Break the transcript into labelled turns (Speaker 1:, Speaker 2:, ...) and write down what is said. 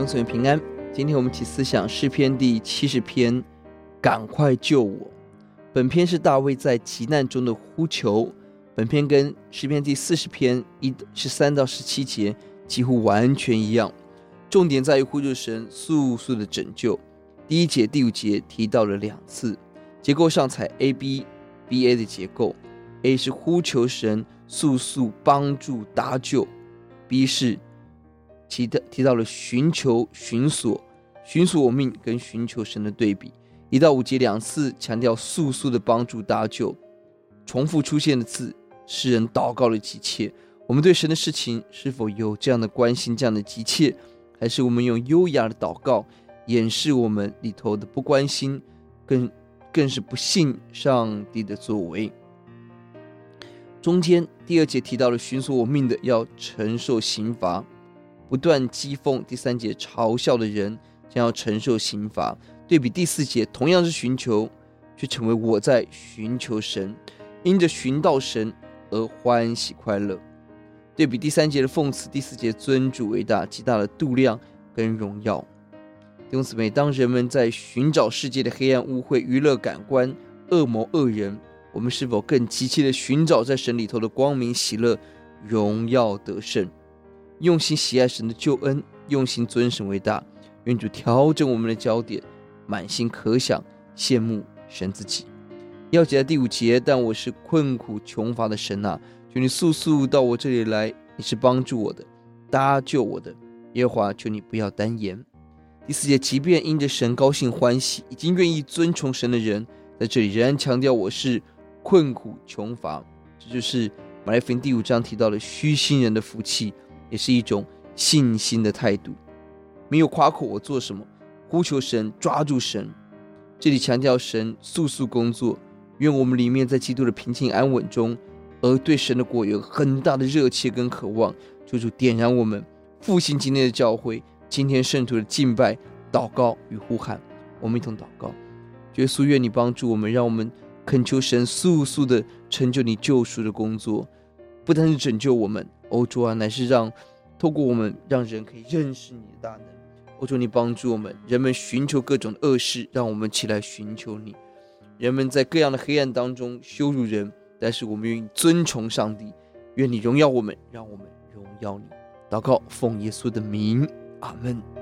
Speaker 1: 生存平安。今天我們一起思想詩篇第七十篇，趕快救我。本篇是大衛在急難中的呼求。本篇跟詩篇第四十篇一十三到十七節幾乎完全一樣，重點在於呼求神速速的拯救。第一節、第五節提到了兩次。結構上採 A B B A 的結構，A 是呼求神速速幫助搭救，B 是。提的提到了尋求尋索尋索我命跟尋求神的對比，一到五節兩次強調速速的幫助搭救，重複出現的字，詩人禱告的急切。我們對神的事情是否有這樣的關心、這樣的急切？還是我們用優雅的禱告掩飾我們裡頭的不關心，更更是不信上帝的作為？中間第二節提到了尋索我命的要承受刑罰。不斷譏諷，第三節嘲笑的人將要承受刑罰。對比第四節，同樣是尋求，卻成為我在尋求神，因着尋到神而歡喜快樂。對比第三節的諷刺，第四節尊主為大，極大的度量跟榮耀。因此，每當人們在尋找世界的黑暗污穢、娛樂感官、惡魔惡人，我們是否更急切地尋找在神裡頭的光明、喜樂、榮耀得勝？用心喜愛神的救恩，用心尊神為大。願主調整我們的焦點，滿心渴想羨慕神自己。要解在第五節，但我是困苦窮乏的；神啊！求你速速到我這裡來，你是幫助我的，搭救我的。耶和華，求你不要耽延。第四節，即便因着神高興歡喜，已經願意尊崇神的人，在這裡仍然強調我是困苦窮乏。這就是馬太福音第五章提到的虛心人的福氣。也是一種信心的態度，沒有誇口。我做什麼？呼求神，抓住神。這裡強調神速速工作。願我們裡面在基督的平靜安穩中，而對神的國有很大的熱切跟渴望。主主點燃我們，復興今天的教會，今天聖徒的敬拜、禱告與呼喊。我們一同禱告，耶穌，願你幫助我們，讓我們懇求神速速的成就你救贖的工作。不單是拯救我們，歐洲啊，乃是讓，透過我們讓人可以認識你的大能。歐洲，你幫助我們，人們尋求各種的惡事，讓我們起來尋求你。人們在各樣的黑暗當中羞辱人，但是我們願意尊崇上帝，願你榮耀我們，讓我們榮耀你。禱告，奉耶穌的名，阿門。